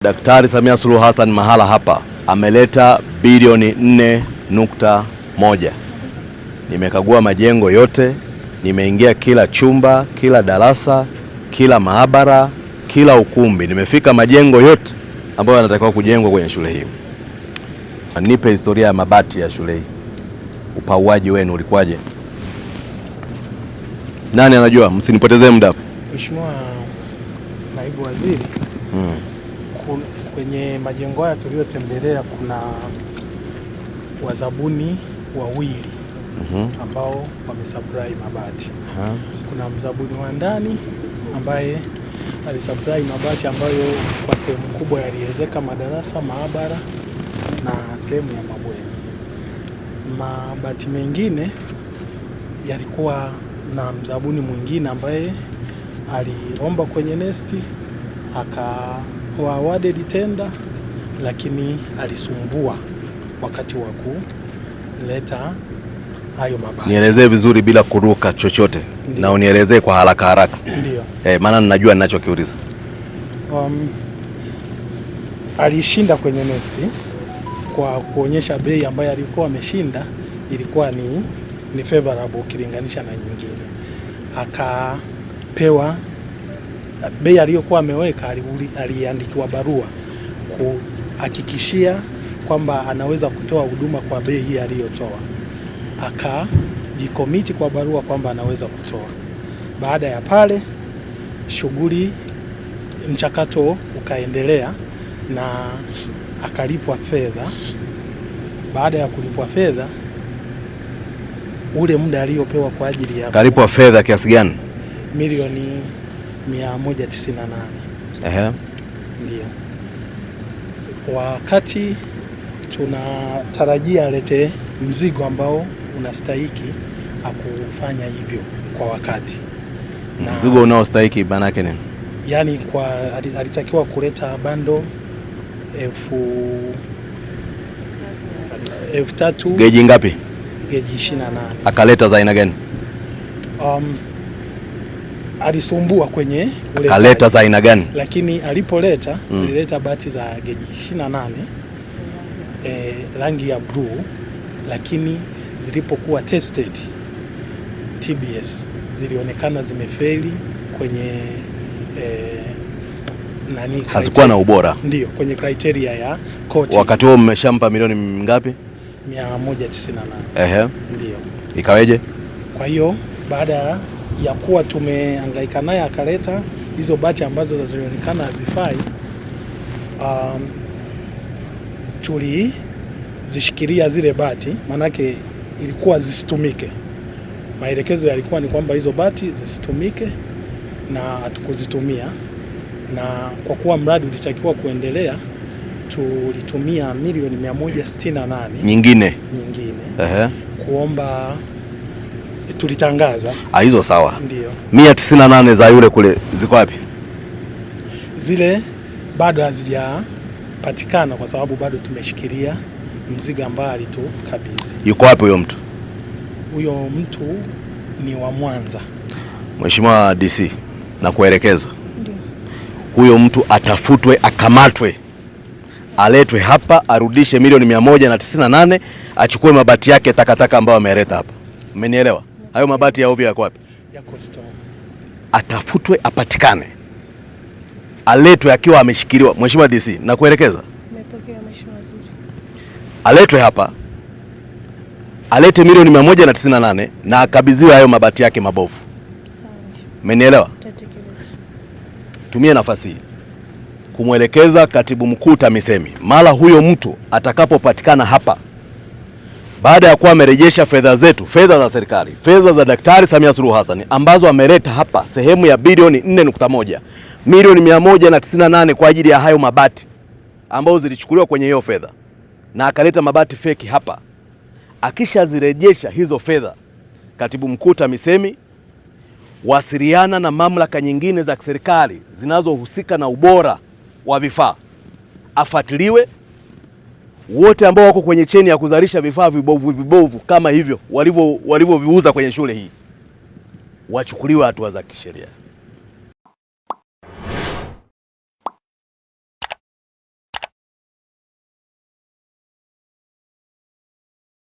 Daktari Samia Suluhu Hassan mahala hapa ameleta bilioni 4.1. Nimekagua majengo yote, nimeingia kila chumba, kila darasa, kila maabara, kila ukumbi, nimefika majengo yote ambayo yanatakiwa kujengwa kwenye shule hii. Nipe historia ya mabati ya shule hii, upauaji wenu ulikuwaje? Nani anajua? Msinipotezee muda. Mheshimiwa Naibu Waziri. Hmm kwenye majengo haya tuliyotembelea kuna wazabuni wawili mhm. ambao wamesupply mabati. Kuna mzabuni wa ndani ambaye alisupply mabati ambayo kwa sehemu kubwa yaliwezeka madarasa, maabara na sehemu ya mabweni. Mabati mengine yalikuwa na mzabuni mwingine ambaye aliomba kwenye nesti aka wa awarded tenda, lakini alisumbua wakati wa kuleta hayo mabati. Nielezee vizuri bila kuruka chochote Ndiyo. na unielezee kwa haraka haraka eh, maana ninajua ninachokiuliza. Um, alishinda kwenye nesti kwa kuonyesha bei ambayo alikuwa ameshinda ilikuwa ni, ni favorable ukilinganisha na nyingine, akapewa bei aliyokuwa ameweka aliandikiwa barua kuhakikishia kwamba anaweza kutoa huduma kwa bei hii aliyotoa, akajikomiti kwa barua kwamba anaweza kutoa. Baada ya pale, shughuli mchakato ukaendelea na akalipwa fedha. Baada ya kulipwa fedha, ule muda aliyopewa kwa ajili ya kalipwa fedha kiasi gani? Milioni 198. Ehe. Ndio. Wakati tunatarajia alete mzigo ambao unastahiki akufanya hivyo kwa wakati. Na mzigo unaostahiki maana yake nini? Yaani kwa alitakiwa kuleta bando elfu elfu tatu. Geji ngapi? Geji 28. Akaleta za aina gani? Um, alisumbua kwenye kaleta Aleta za aina gani? Lakini alipoleta mm. alileta bati za geji 28 eh, rangi ya bluu, lakini zilipokuwa tested TBS zilionekana zimefeli kwenye e, nani, hazikuwa na ubora, ndio kwenye criteria ya koti. Wakati huo mmeshampa milioni ngapi? 198. Ehe, ndio ikaweje? Kwa hiyo baada ya ya kuwa tumehangaika naye akaleta hizo bati ambazo zilionekana hazifai, um, tulizishikilia zile bati, maanake ilikuwa zisitumike. Maelekezo yalikuwa ni kwamba hizo bati zisitumike na hatukuzitumia, na kwa kuwa mradi ulitakiwa kuendelea tulitumia milioni 168 nyingine nyingine, uh -huh. kuomba tulitangaza. Ah, hizo sawa. Ndio. 98 za yule kule ziko wapi? Zile bado hazijapatikana kwa sababu bado tumeshikilia mzigo tu kabisa. Yuko wapi huyo mtu? Huyo mtu ni wa Mwanza. Mheshimiwa DC, na kuelekeza huyo mtu atafutwe, akamatwe, aletwe hapa, arudishe milioni mia moja na tisini na nane, achukue mabati yake takataka ambayo ameleta hapa. Umenielewa? hayo mabati ya ovyo yako wapi? Yako store. Atafutwe, apatikane, aletwe akiwa ameshikiliwa. Mheshimiwa DC, nakuelekeza. Nimepokea Mheshimiwa Waziri. Aletwe hapa, alete milioni 198 na akabidhiwe hayo mabati yake mabovu. Umenielewa? Tumie nafasi hii kumwelekeza katibu mkuu TAMISEMI mara huyo mtu atakapopatikana hapa baada ya kuwa amerejesha fedha zetu, fedha za serikali, fedha za Daktari Samia Suluhu Hassan ambazo ameleta hapa sehemu ya bilioni 4.1 milioni 198 kwa ajili ya hayo mabati ambayo zilichukuliwa kwenye hiyo fedha, na akaleta mabati feki hapa. Akishazirejesha hizo fedha, katibu mkuu TAMISEMI wasiliana na mamlaka nyingine za serikali zinazohusika na ubora wa vifaa afuatiliwe wote ambao wako kwenye cheni ya kuzalisha vifaa vibovu vibovu kama hivyo walivyoviuza kwenye shule hii wachukuliwe hatua za kisheria.